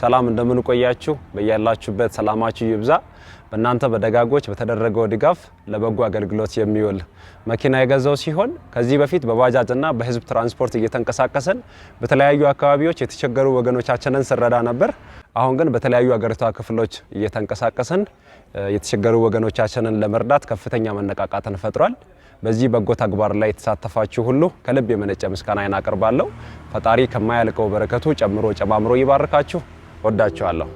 ሰላም እንደምንቆያችሁ በያላችሁበት ሰላማችሁ ይብዛ። በእናንተ በደጋጎች በተደረገው ድጋፍ ለበጎ አገልግሎት የሚውል መኪና የገዛው ሲሆን ከዚህ በፊት በባጃጅና በህዝብ ትራንስፖርት እየተንቀሳቀሰን በተለያዩ አካባቢዎች የተቸገሩ ወገኖቻችንን ስረዳ ነበር። አሁን ግን በተለያዩ አገሪቷ ክፍሎች እየተንቀሳቀሰን የተቸገሩ ወገኖቻችንን ለመርዳት ከፍተኛ መነቃቃትን ፈጥሯል። በዚህ በጎ ተግባር ላይ የተሳተፋችሁ ሁሉ ከልብ የመነጨ ምስጋናዬን አቀርባለሁ። ፈጣሪ ከማያልቀው በረከቱ ጨምሮ ጨማምሮ ይባርካችሁ። ወዳችኋለሁ።